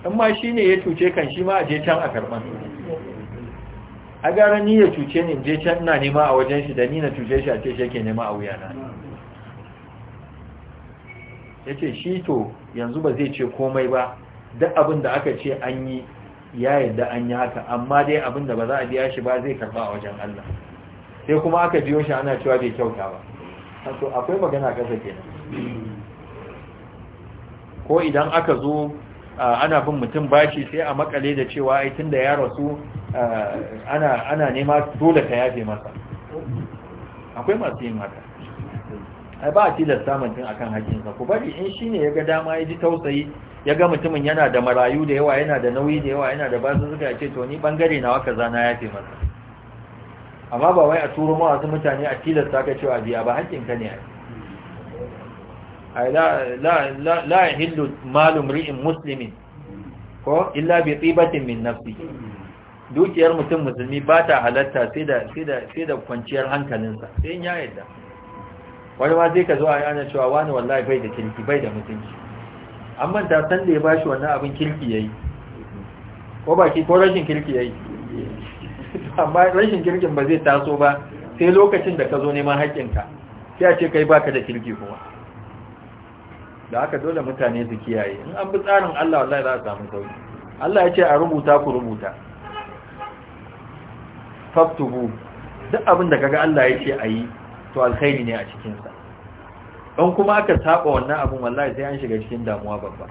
in ma ne ya cuce kan shi ma aje can a karban a gara ni ya cuce ni je can ina nema a wajen shi da ni na cuce shi a ce shi yake nema a wuyana yace shi to yanzu ba zai ce komai ba duk abin da aka ce an yi ya yadda an yi haka amma dai abin da ba za a biya shi ba zai karba a wajen Allah sai kuma aka biyo shi ana cewa bai kyauta ba to akwai magana kasa kenan ko idan aka zo ana bin mutum bashi sai a makale da cewa ai tunda ya rasu ana ana nema dole ka yafe masa akwai masu yin haka ai ba a tilasta mutum akan hakinsa ku bari in shi ne ya ga dama ya ji tausayi ya ga mutumin yana da marayu da yawa yana da nauyi da yawa yana da basu suka ce to ni bangare nawa kaza na yafe masa amma ba wai a turo ma wasu mutane a tilasta ka cewa biya ba hakinka ne ai la yahillu malum ri'in muslimin ko illa bi tibatin min nafsi dukiyar mutum musulmi ba ta halatta sai da kwanciyar hankalinsa sai in ya yadda wani ma zai ka zo a yana cewa wani wallahi bai da kirki bai da mutunci amma manta, san da ya shi wannan abin kirki ya yi. ko baki ko rashin kirki ya yi. amma rashin kirkin ba zai taso ba sai lokacin da ka zo neman haƙƙinka sai a ce kai baka da kirki kuma da haka dole mutane su kiyaye in an bi tsarin Allah wallahi za a samu sauki Allah ya ce a rubuta ku rubuta faktubu duk abin da kaga Allah ya ce a yi to alkhairi ne a cikinsa don kuma aka saba wannan abin wallahi sai an shiga cikin damuwa babba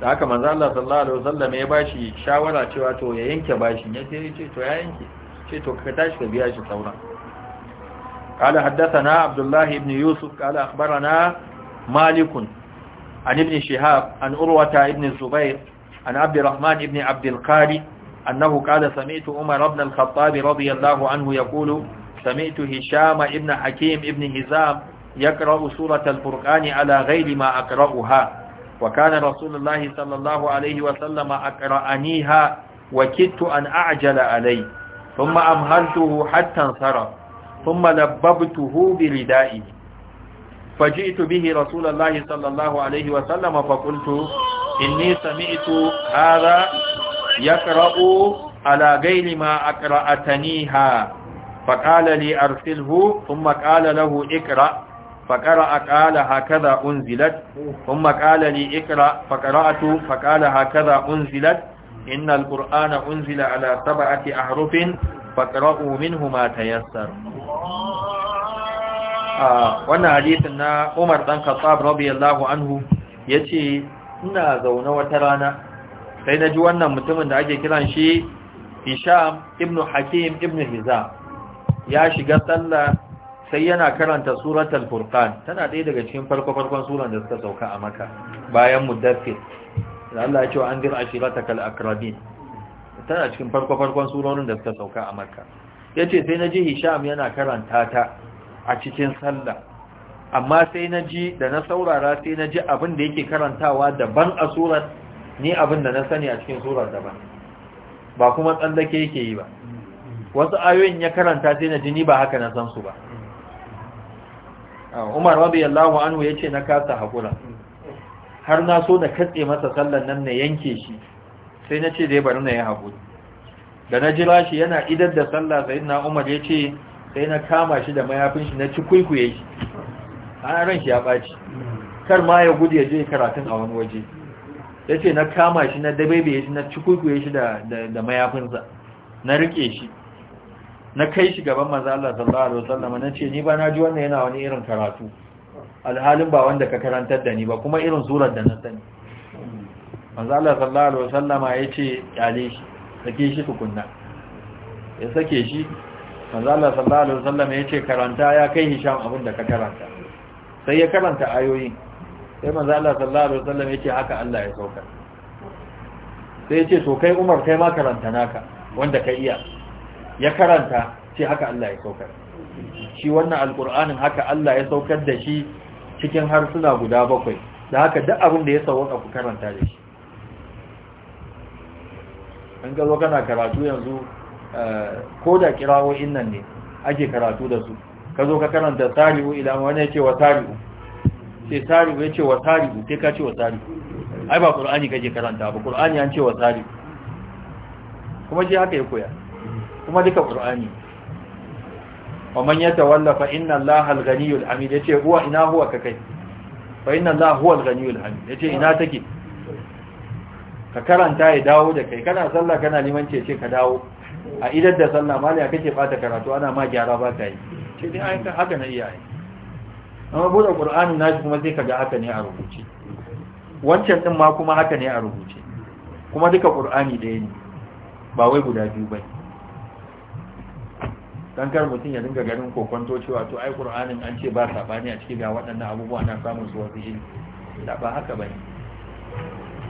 da haka manzo Allah sallallahu alaihi wasallam ya bashi shawara cewa to ya yanke bashin ya ce to ya yanke ce to ka tashi ka biya shi sauran قال حدثنا عبد الله بن يوسف قال أخبرنا مالك عن ابن شهاب عن أروة ابن الزبير عن عبد الرحمن ابن عبد القاري أنه قال سمعت عمر بن الخطاب رضي الله عنه يقول سمعت هشام ابن حكيم ابن هزام يقرأ سورة الفرقان على غير ما أقرأها وكان رسول الله صلى الله عليه وسلم أقرأنيها وكدت أن أعجل عليه ثم أمهلته حتى انصرف ثم لببته بردائه فجئت به رسول الله صلى الله عليه وسلم فقلت إني سمعت هذا يقرأ على غير ما أقرأتنيها فقال لي أرسله ثم قال له اقرأ فقرأ قال هكذا أنزلت ثم قال لي اقرأ فقرأت فقال هكذا أنزلت إن القرآن أنزل على سبعة أحرف فقرأوا منه ما تيسر wannan hadisin na Umar dan Khattab radiyallahu anhu yace ina zaune wata rana sai na ji wannan mutumin da ake kiran shi Hisham Hakim Ibnu Hiza. ya shiga sallah sai yana karanta suratul furqan tana ɗaya daga cikin farko farkon suran da suka sauka a maka bayan mudaffir da Allah ya ce an dir ashiratakal akrabin tana cikin farko farkon surorin da suka sauka a maka yace sai naji hisham yana karanta ta a cikin sallah amma sai naji da na saurara sai naji abin da yake karantawa daban a surar ni abin da na sani a cikin surar daban ba kuma tsallake yake yi ba wasu ayoyin ya karanta sai na jini ba haka na san su ba ah, Umar radiyallahu anhu yace na kasa hakura har na so na katse masa sallan nan na yanke shi sai na ce dai bari na yi hakuri da na jira shi yana idar da sallah sayyidina Umar yace sai na kama shi da mayafin shi na ci kuikuye shi ana ran shi ya baci kar ma ya gudu ya je karatun a wani waje yace na kama shi na dabebe shi na ci kuikuye shi da mayafinsa na rike shi na kai shi gaban manzo Allah sallallahu alaihi wasallam na ce ni ba na ji wannan yana wani irin karatu alhalin ba wanda ka karantar da ni ba kuma irin surar da na sani manzo Allah sallallahu alaihi wasallama yace kyale shi sake shi tukunna ya sake shi manzo Allah sallallahu alaihi wasallama yace karanta ya kai Hisham abin da ka karanta sai ya karanta ayoyi sai manzo Allah sallallahu alaihi wasallama yace haka Allah ya sauka sai yace to kai Umar kai ma karanta naka wanda ka iya ya karanta sai haka Allah ya saukar shi wannan alkur'anin haka Allah ya saukar da shi cikin harsuna guda bakwai da haka duk abin da ya sauwa ku karanta da shi An ga zo kana karatu yanzu eh, ko da kirawo nan ne ake karatu da su ka zo ka karanta tarihu ila wani ya ce wa tarihu sai tarihu ya ce wa tarihu sai ka ce wa tarihu ai ba ka kake karanta ba ƙur'ani an ce wa tarihu kuma shi haka ya koya kuma duka qur'ani wa man yatawalla fa inna allaha al hamid yace huwa ina huwa ka kai fa inna allaha huwa al hamid yace ina take ka karanta ya dawo da kai kana sallah kana liman ce ce ka dawo a idan da sallah mali kake bata karatu ana ma gyara ba ka yi ce dai ai haka na iyaye amma bude qur'ani na shi kuma sai kaga haka ne a rubuce wancan din ma kuma haka ne a rubuce kuma duka qur'ani ɗaya ne ba wai guda biyu bane dan kar mutum ya dinga ganin kokonto cewa to ai qur'anin an ce ba sabani a cikin ga waɗannan abubuwa ana samun su wasu ilmi da ba haka bane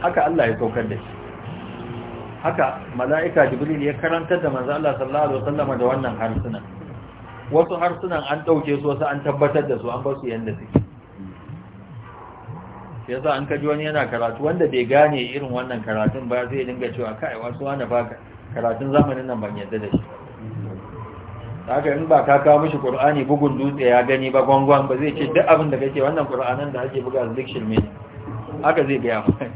haka Allah ya saukar da shi haka mala'ika jibril ya karantar da manzo Allah sallallahu alaihi wasallam da wannan harsunan wasu harsunan an dauke su wasu an tabbatar da su an ba su yanda suke yasa an kaji wani yana karatu wanda bai gane irin wannan karatun ba zai dinga cewa kai wasu wani ba karatun zamanin nan ban yadda da shi haka in ba ka kawo mishi qur'ani bugun dutse ya gani ba gwangwan ba zai ce duk abin da kake wannan qur'anin da ake buga duk shirme ne haka zai gaya ba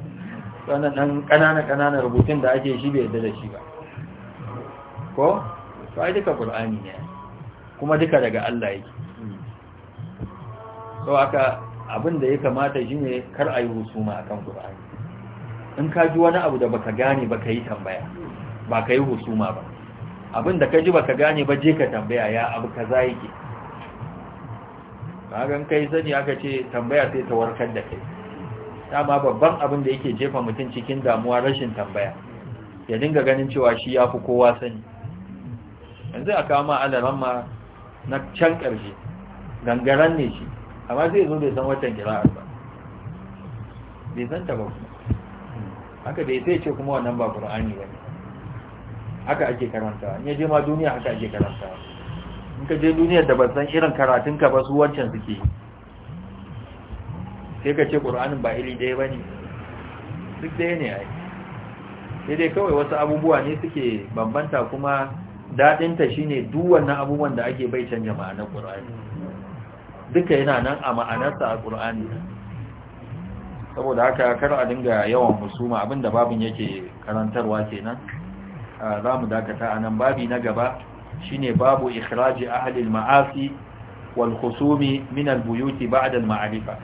wannan dan kanana kanana rubutun da ake shi bai da shi ba ko to ai duka qur'ani ne kuma duka daga Allah yake to haka abin da ya kamata ne kar a yi husuma akan qur'ani in ka ji wani abu da baka gane baka yi tambaya ba ka yi husuma ba abin da ka ji baka gane ba je ka tambaya ya abu kaza yake kagan kai sani aka ce tambaya sai ta warkar da kai dama babban abin da yake jefa mutum cikin damuwa rashin tambaya ya dinga ganin cewa shi ya fi kowa sani yanzu a kama alaran ma na can ƙarshe gangaren ne shi amma zai zo bai san watan kira'ar ba bai san ta ba haka bai sai ce kuma wannan ba ƙur'ani ba ne haka ake karanta in je ma duniya haka ake karanta in ka je duniyar da ban san irin karatun ka ba su wancan suke sai ka ce ƙur'anin ba iri ɗaya ba duk ɗaya ne ai sai dai kawai wasu abubuwa ne suke bambanta kuma daɗinta shine duk wannan abubuwan da ake bai canja ma'anar ƙur'ani duka yana nan a ma'anarsa a ƙur'ani saboda haka kar a dinga yawan musuma abinda babin yake karantarwa kenan za mu dakata a nan babi na gaba shine babu ikhraji ahli al-ma'asi wal khusumi min al-buyuti ba'da al-ma'rifa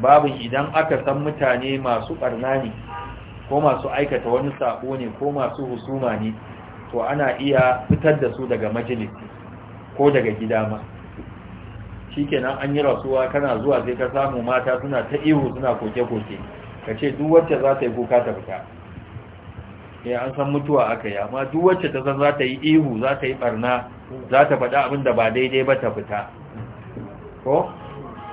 Babu idan aka san mutane masu barna ne ko masu aikata wani sabo ne ko masu husuma ne to ana iya fitar da su daga majalisi ko daga gida ma shikenan an yi rasuwa kana zuwa sai ka samu mata suna ta ihu suna koke-koke kace duk wacce za ta yi kuka ta fita sai eh, an san mutuwa aka yi amma duk wacce ta san za ta yi ihu za ta yi barna za ta faɗi abin da ba daidai ba ta fita ko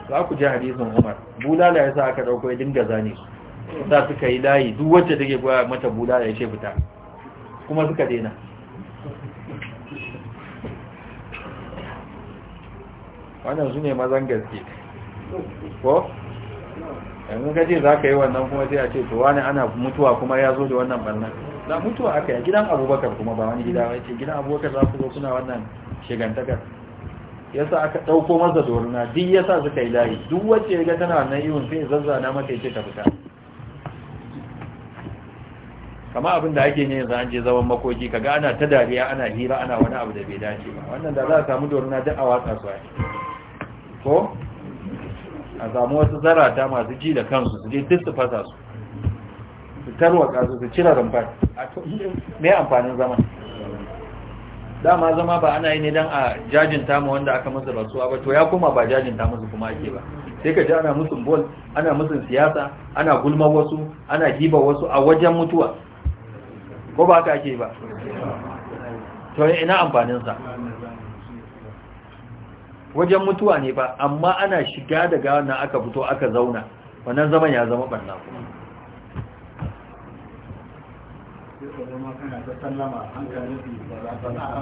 za ku ji hadisin umar bulala ya sa aka ɗauko ya dinga zane su za suka yi layi duk wacce take goya mata bulala ya ce fita kuma suka daina wannan su ne mazan gaske ko yanzu ka ce za ka yi wannan kuma sai a ce to wani ana mutuwa kuma ya zo da wannan ɓarnar da mutuwa aka yi gidan abubakar kuma ba wani gida wai ce gidan abubakar za su zo kuna wannan shigantakar ya sa aka ɗauko masa doruna duk sa suka yi layi duk wacce ya ga tana wannan yiwun sai zazzana mata ya ce ta fita kama abin da ake ne yanzu an je zaman makoki kaga ana ta dariya ana hira ana wani abu da bai dace ba wannan da za a samu doruna duk a watsa su ko a samu wasu zarata masu ji da kansu su je duk su fasa su su tarwaka su su cire rumfar me amfanin zama dama zama ba ana yi ne don a jajinta mu wanda aka masa rasuwa ba to ya koma ba jajinta musu kuma ake ba sai ka ji ana musun bol ana musun siyasa ana gulma wasu ana giba wasu a wajen mutuwa ko ba haka ake ba to ina amfaninsa wajen mutuwa ne ba amma ana shiga daga wannan aka fito aka zauna wannan zaman ya zama barna kuma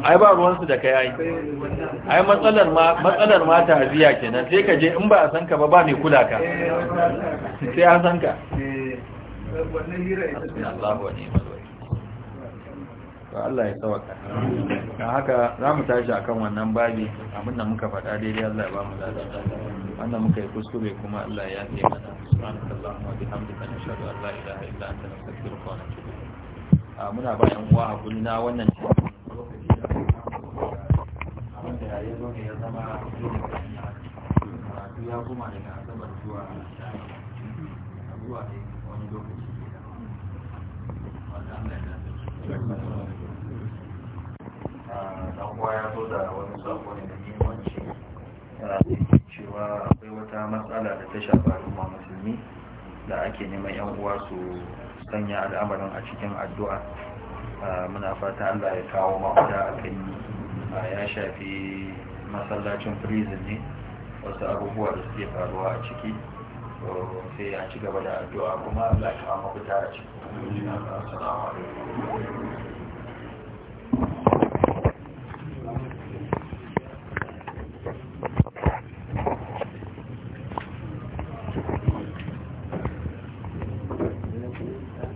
ai ba ruwansu da kai ai ai matsalar ma matsalar ma ta haziya kenan sai ka je in ba a san ka ba ba mai kula ka sai an san ka wannan to Allah ya tsawaka ka haka za mu tashi a kan wannan babi abinda muka faɗa daidai Allah ya ba mu ladata wanda muka yi kuskure kuma Allah ya yafe mana kan wa bihamdihi nashhadu an la ilaha illa anta nastaghfiruka na cikin muna ba yan uwa hakuri na wannan lokaci da ya zo ne ya zama karatu ya kuma daga asabar zuwa zuwa ne wani lokaci da wanda an da dan kuma ya zo da wani ne da cewa akwai wata matsala da ta shafa kuma musulmi da ake neman yan uwa su sanya al'amarin a cikin addu'a muna fata Allah ya kawo mafuta a kai ya shafi masallacin prison ne wasu abubuwa da suke faruwa a ciki sai a ci gaba da addu'a kuma Allah ya kawo mafuta a ciki